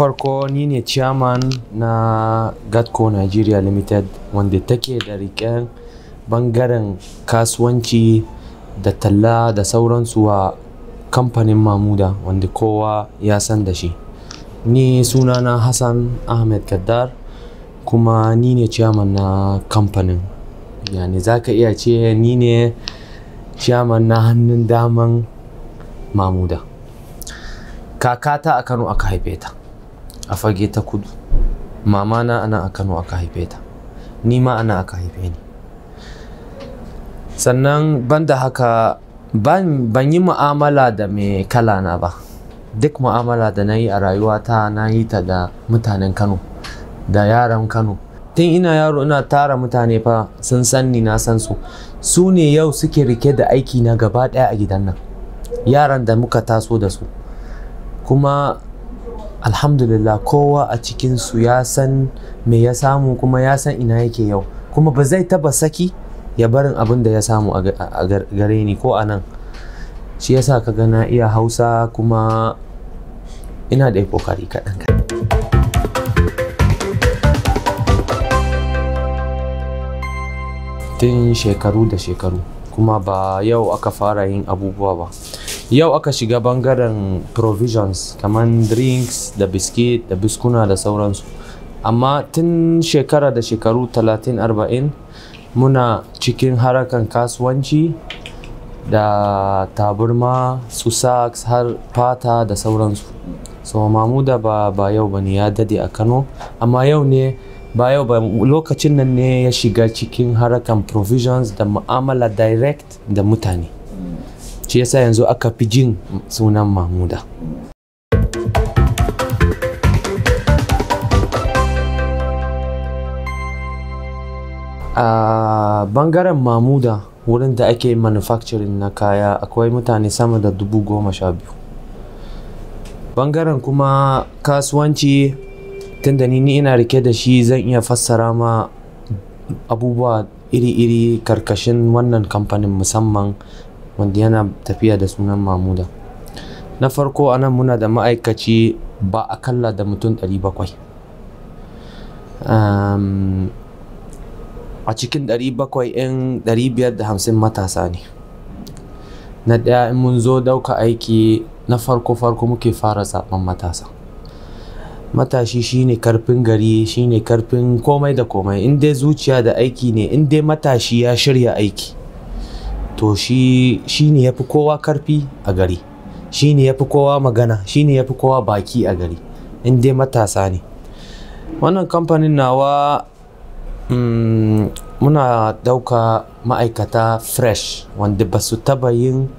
farko ni ne chairman na gatco nigeria limited wanda take da riƙen bangaren kasuwanci da talla da sauransu wa kamfanin mamuda wanda kowa ya san da shi ni sunana hassan ahmed kaddar kuma ni ne chairman na kamfanin yani za ka iya ce ni ne chairman na hannun daman mamuda kakata a kano aka haife ta a fage ta kudu mama na ana a kano aka haife ta ni ma ana aka haife ni sannan banda haka ban ban yi mu'amala da mai kala na ba duk mu'amala da na yi a rayuwata na yi ta da mutanen kano da yaran kano tun ina yaro ina tara mutane fa sun sanni na san su su ne yau suke rike da aiki na gaba daya a gidan nan yaran da muka taso da su kuma alhamdulillah kowa a cikinsu ya san me ya samu kuma ya san ina yake yau kuma ba zai taba saki ya barin abin da ya samu a gare ni ko a nan shi yasa ka na iya hausa kuma ina da kokari kaɗan tun shekaru da shekaru kuma ba yau aka fara yin abubuwa ba yau aka shiga bangaren provisions kamar drinks da biskit da biskuna da sauransu amma tun shekara da shekaru 30-40 muna cikin harakan kasuwanci da taburma su sacks har fata da sauransu so mamuda ba, ba yau ba ne ya dade a kano amma yau ne ba yau ba lokacin nan ne ya shiga cikin harakan provisions da mu'amala direct da mutane shi yasa yanzu aka fi jin sunan mahmuda. a bangaren mahmuda wurin da ake manufacturing na kaya akwai mutane sama da dubu goma sha biyu bangaren kuma kasuwanci tunda ni ni ina rike da shi zan iya fassara ma abubuwa iri-iri karkashin wannan kamfanin musamman wanda yana tafiya da sunan mamuda na farko anan muna da ma'aikaci ba a kalla da mutum 700 um, a cikin 700 'yan 550 matasa ne na ɗaya in mun zo ɗauka aiki na farko farko muke fara zaɓen matasa matashi shine karfin gari shine karfin komai da komai in dai zuciya da aiki ne in dai matashi ya shirya aiki to shi ne ya fi kowa karfi a gari shi ne ya fi kowa magana shi ne ya fi kowa baki a gari in dai matasa ne wannan kamfanin nawa mm, muna dauka ma'aikata fresh wanda ba su taba yin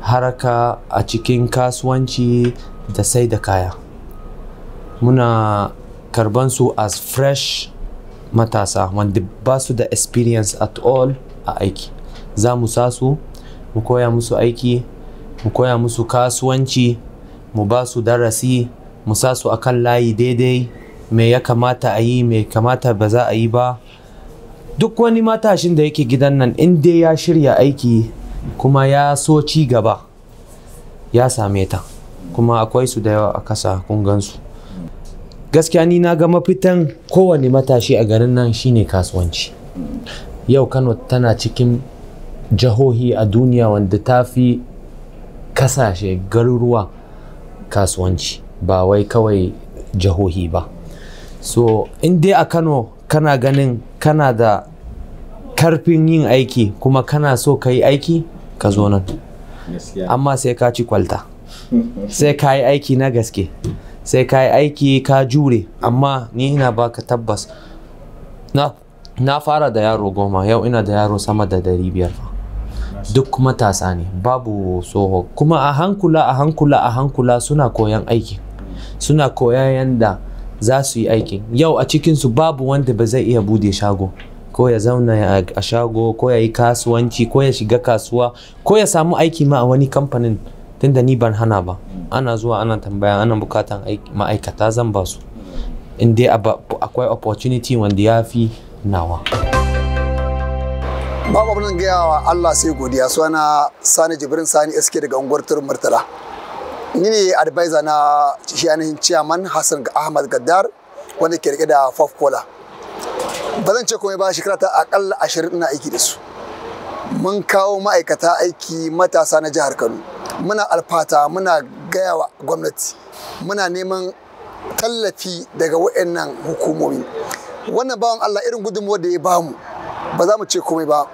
haraka a cikin kasuwanci da sai da kaya muna karban su as fresh matasa wanda ba su da experience at all a aiki za mu sa su mu koya musu aiki mu koya musu kasuwanci mu ba su darasi mu sa su akan layi daidai me ya kamata a yi me kamata ba za a yi ba duk wani matashin da yake gidan nan in dai ya shirya aiki kuma ya so ci gaba ya same ta kuma akwai su da yawa a kasa kun gansu gaskiya ni na ga mafitan kowane matashi a garin nan shine kasuwanci yau kano tana cikin jihohi a duniya wanda ta fi kasashe garuruwa kasuwanci ba wai kawai jihohi ba so in dai a kano kana ganin kana da karfin yin aiki kuma kana so ka yi aiki ka zo nan amma sai ka ci kwalta sai ka yi aiki na gaske sai ka yi aiki ka jure amma ni ina baka tabbas na fara da yaro goma yau ina da yaro sama da dari biyar duk matasa ne babu tsoho kuma a hankula a hankula a hankula suna koyan aiki suna koyan yanda za su yi aikin yau a cikinsu babu wanda ba zai iya bude shago ko ya zauna a shago ko ya yi kasuwanci ko ya shiga kasuwa ko ya samu aiki ma a wani kamfanin tunda ni ban hana ba ana zuwa ana tambaya ana bukatan ma'aikata zan ba su in dai akwai opportunity wanda ya fi nawa. babu abin gaya wa Allah sai godiya suna sani jibrin sani SK daga unguwar turin murtala ni ne advisor na shanin chairman Hassan Ahmad Gaddar wanda ke rike da fof Kola ba zan ce komai ba shekara ta akalla ashirin ina aiki da su mun kawo ma'aikata aiki matasa na jihar Kano muna alfata muna gaya wa gwamnati muna neman tallafi daga waɗannan hukumomi wannan bawan Allah irin gudunmuwa da ya bamu ba za mu ce komai ba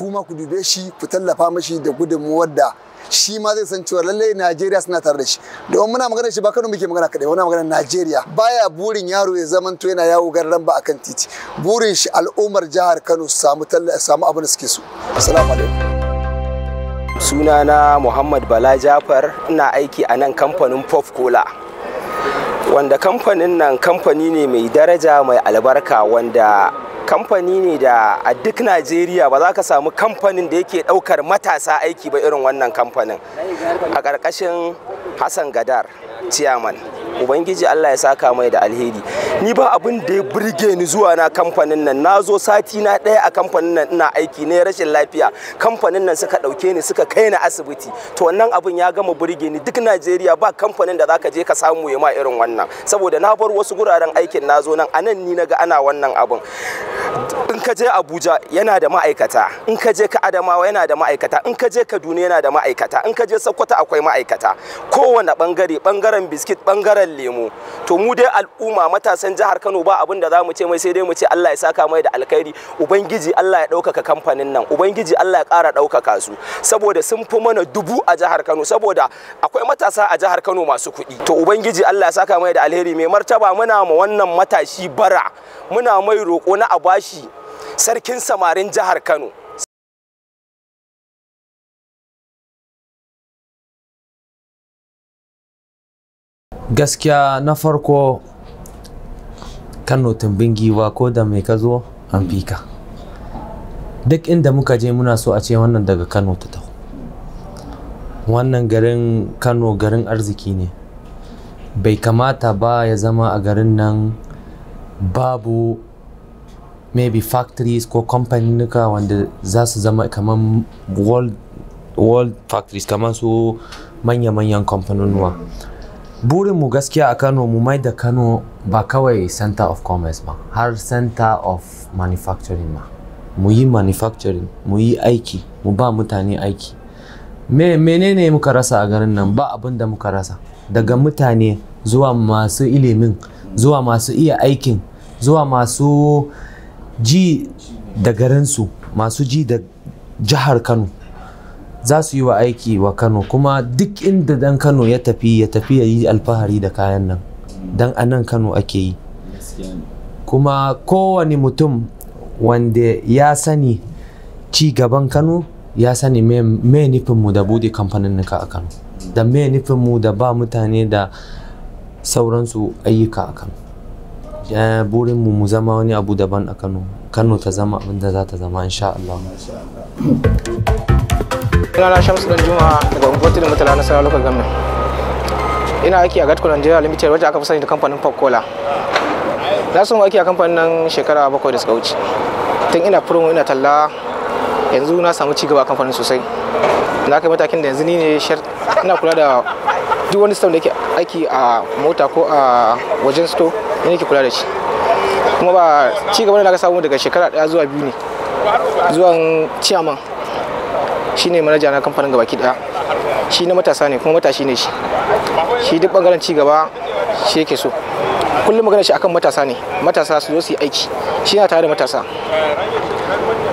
kuma ku dube shi ku tallafa mashi da gudunmuwar da shi ma zai san cewa lallai Najeriya suna tare da shi domin muna magana shi ba Kano muke magana kadai muna magana Najeriya baya burin yaro ya zaman to yana yawo garran ba akan titi burin shi al'ummar jihar Kano su samu samu abin da suke so assalamu alaikum sunana Muhammad Bala Jafar ina aiki a nan kamfanin Pop Cola wanda kamfanin nan kamfani ne mai daraja mai albarka wanda kamfani ne da a duk najeriya ba za ka samu kamfanin da yake daukar matasa aiki ba irin wannan kamfanin a ƙarƙashin hassan gadar ciyaman ubangiji allah ya saka mai da alheri ni ba abin da ya burge ni zuwa na kamfanin nan na zo sati na ɗaya a kamfanin nan ina aiki ne rashin lafiya kamfanin nan suka ɗauke ni suka kai ni asibiti to wannan abin ya gama burge ni duk najeriya ba kamfanin da zaka je ka samu ya ma irin wannan saboda na bar wasu guraren aikin na zo nan anan ni na ga ana wannan abin in ka je abuja yana da ma'aikata in ka je ka adamawa yana da ma'aikata in ka je kaduna yana da ma'aikata in ka je sokoto akwai ma'aikata kowane bangare bangaren biskit bangaren lemu to mu dai al'umma matasan jihar kano ba abin da za mu ce mai sai dai mu ce allah ya saka mai da alkhairi ubangiji allah ya ɗaukaka kamfanin nan ubangiji allah ya ƙara ɗaukaka su saboda sun fi mana dubu a jihar kano saboda akwai matasa a jihar kano masu kuɗi to ubangiji allah ya saka mai da alheri mai martaba muna ma wannan matashi bara muna mai roƙo na abaji bashi sarkin samarin jihar Kano gaskiya na farko kano tumbin giwa ko da mai ka zo an bi ka duk inda muka je muna so a ce wannan daga kano ta taho wannan garin kano garin arziki ne bai kamata ba ya zama a garin nan babu maybe factories ko nuka wanda za su zama kamar world, world factories kamar su manya-manyan burin mu gaskiya a kano mu mai da kano ba kawai center of commerce ba har center of manufacturing ma mu yi manufacturing mu yi aiki mu ba mutane aiki Me, menene muka rasa a garin nan ba abin da muka rasa daga mutane zuwa masu ilimin zuwa masu iya aikin zuwa masu ji da garinsu masu ji da jihar kano za su yi wa aiki wa kano kuma duk inda dan kano ya tafi ya tafi ya yi alfahari da kayan nan dan a nan kano ake yi kuma kowane mutum wanda ya sani ci gaban kano ya sani me nufinmu da bude kamfanin nuka a kano da me nufinmu da ba mutane da sauransu ayyuka a kano burin mu mu zama wani abu daban a Kano Kano ta zama abin da za ta zama insha Allah Sunana Shamsu Dan Juma'a daga Ungwatul Mutala na Sarar Local Government Ina aiki a Gatco Nigeria Limited wajen aka fi sani da kamfanin Coca-Cola Na san aiki a kamfanin nan shekara bakwai da suka wuce tun ina furin ina talla yanzu na samu cigaba a kamfanin sosai na kai matakin da yanzu ni ne ina kula da duk wani sistem da yake aiki a mota ko a wajen store ne ke kula da shi kuma ba ci gaba da na samu daga shekara daya zuwa biyu ne zuwan ciyaman shine manaja na kamfanin gabaki daya shi na matasa ne kuma matashi ne shi shi duk bangaren ci gaba shi yake so kullum magana shi akan matasa ne matasa su zo su yi aiki shi na tare da matasa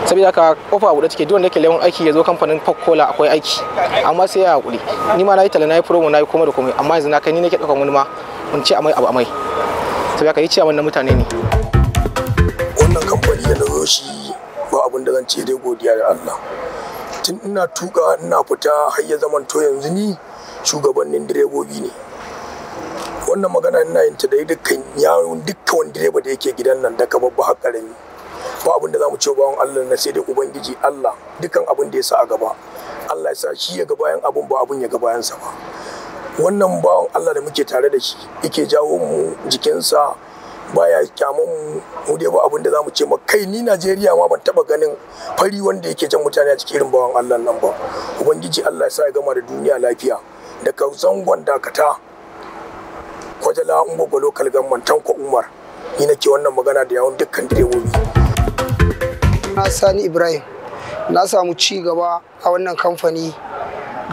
saboda haka kofa buɗe take duk da ke lewan aiki ya zo kamfanin Coca-Cola akwai aiki amma sai ya hakuri ni ma na nayi tala yi promo yi komai da komai amma yanzu na kai ni nake daukan wani ma mun ce amai abu amai to ka yi ciyawan na mutane ne wannan kamfani da na shi ba abin da zan ce dai godiya da Allah tun ina tuka ina fita har ya zaman to yanzu ni shugabannin direbobi ne wannan magana ina yin ta da dukkan yaro dukkan wani direba da yake gidan nan ka babba har karami ba abin da zamu ce bawan Allah na sai dai ubangiji Allah dukkan abin da ya sa a gaba Allah ya sa shi ya ga bayan abin ba abin ya ga bayan sa ba wannan bawan Allah da muke tare da shi yake jawo mu jikinsa baya kyamun mu mu dai ba abin da zamu ce ma kai ni Najeriya ma ban taba ganin fari wanda yake jan mutane a cikin irin bawan Allah nan ba ubangiji Allah ya sa ya gama da duniya lafiya da kausan kata kwajala gogo local government tanko umar ni nake wannan magana da yawon dukkan direbobi na sani ibrahim na samu ci gaba a wannan kamfani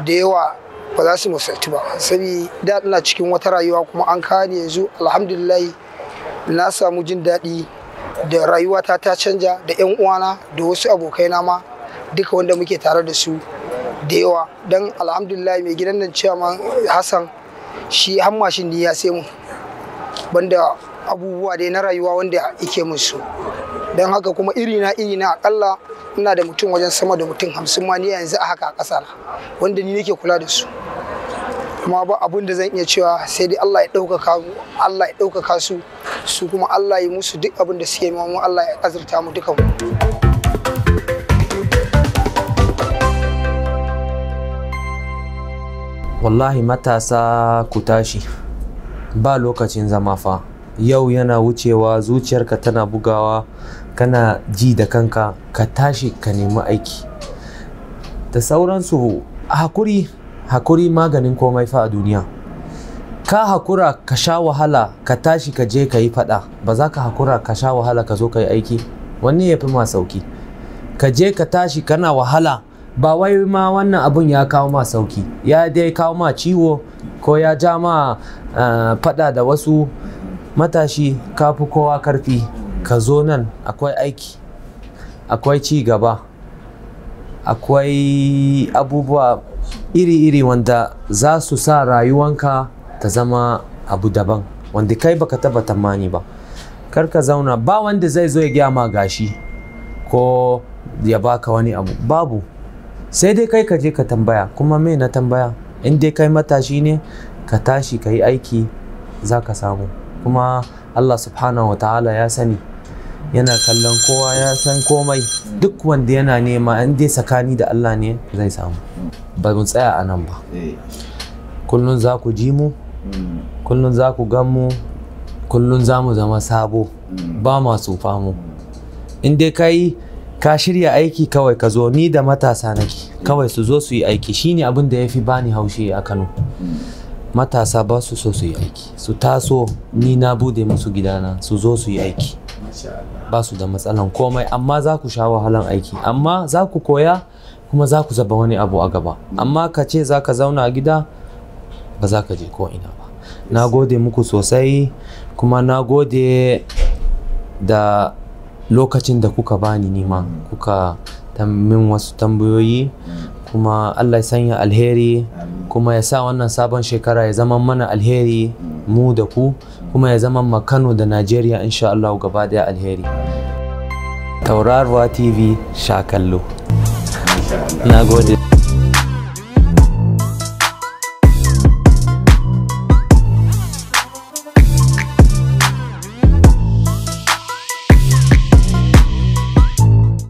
da yawa ba za su musaltu ba sabi da ina cikin wata rayuwa kuma an kani yanzu alhamdulillah na samu jin daɗi da rayuwata ta canja da 'yan uwana da wasu abokaina ma duka wanda muke tare da su da yawa don alhamdulillah mai gidan nan cewa hassan shi hammashin ne ya sai mu banda abubuwa dai na rayuwa wanda yake musu don haka kuma iri na iri na akalla ina da mutum wajen sama da mutum hamsin ma ni yanzu a haka a ƙasa na wanda ni nake kula da su kuma ba abin da zan iya cewa sai dai Allah ya ɗaukaka Allah ya ɗaukaka su su kuma Allah ya musu duk abin da suke mu Allah ya azurta mu duka mu wallahi matasa ku tashi ba lokacin zama fa yau yana wucewa zuciyarka tana bugawa kana ji da kanka ka tashi ka nemi aiki da sauransu hakuri hakuri maganin komai fa a duniya ka hakura ka sha wahala ka tashi ka je ka yi fada ba za ka hakura ka sha wahala ka zo ka yi aiki wanne ya fi ma sauki ka je ka tashi kana wahala ba wai ma wannan abun ya kawo ma sauki ya dai kawo ma ciwo ko ya ja ma eh, fada da wasu matashi kafi kowa karfi ka zo nan akwai aiki akwai ci gaba akwai abubuwa iri-iri wanda za su sa rayuwanka ta zama abu daban wanda kai baka taba tamani ba kar ka zauna ba wanda zai zo ya gya ma gashi ko ya baka wani abu babu sai dai kai ka je ka tambaya kuma me na tambaya in dai kai matashi ne ka tashi ka yi aiki za ka samu kuma Allah subhanahu wa ta'ala ya sani yana kallon kowa ya san komai duk wanda yana nema in dai sakani da Allah ne zai samu ba mu tsaya a nan ba eh. kullun za ku ji mu hmm. kullun za ku gan mu kullun za mu zama sabo hmm. ba ma tsufa mu in dai ka ka shirya aiki kawai ka zo ni da matasa nake kawai su zo su yi aiki shine abin da ya fi bani haushi a Kano hmm. matasa ba su so su yi aiki su taso ni na bude musu gidana su zo su yi aiki ba su da matsalan komai amma za ku sha wahalan aiki amma za ku koya kuma za ku zaba wani abu a gaba amma ka ce za ka zauna a gida ba za ka je ko ina ba na gode muku sosai kuma na gode da lokacin da kuka bani nima kuka min wasu tambayoyi kuma allah ya sanya alheri kuma ya sa wannan sabon shekara ya zama mana alheri mu da ku kuma ya zama ma Kano da Najeriya insha Allah gaba daya alheri. Taurarwa TV sha kallo. Na gode.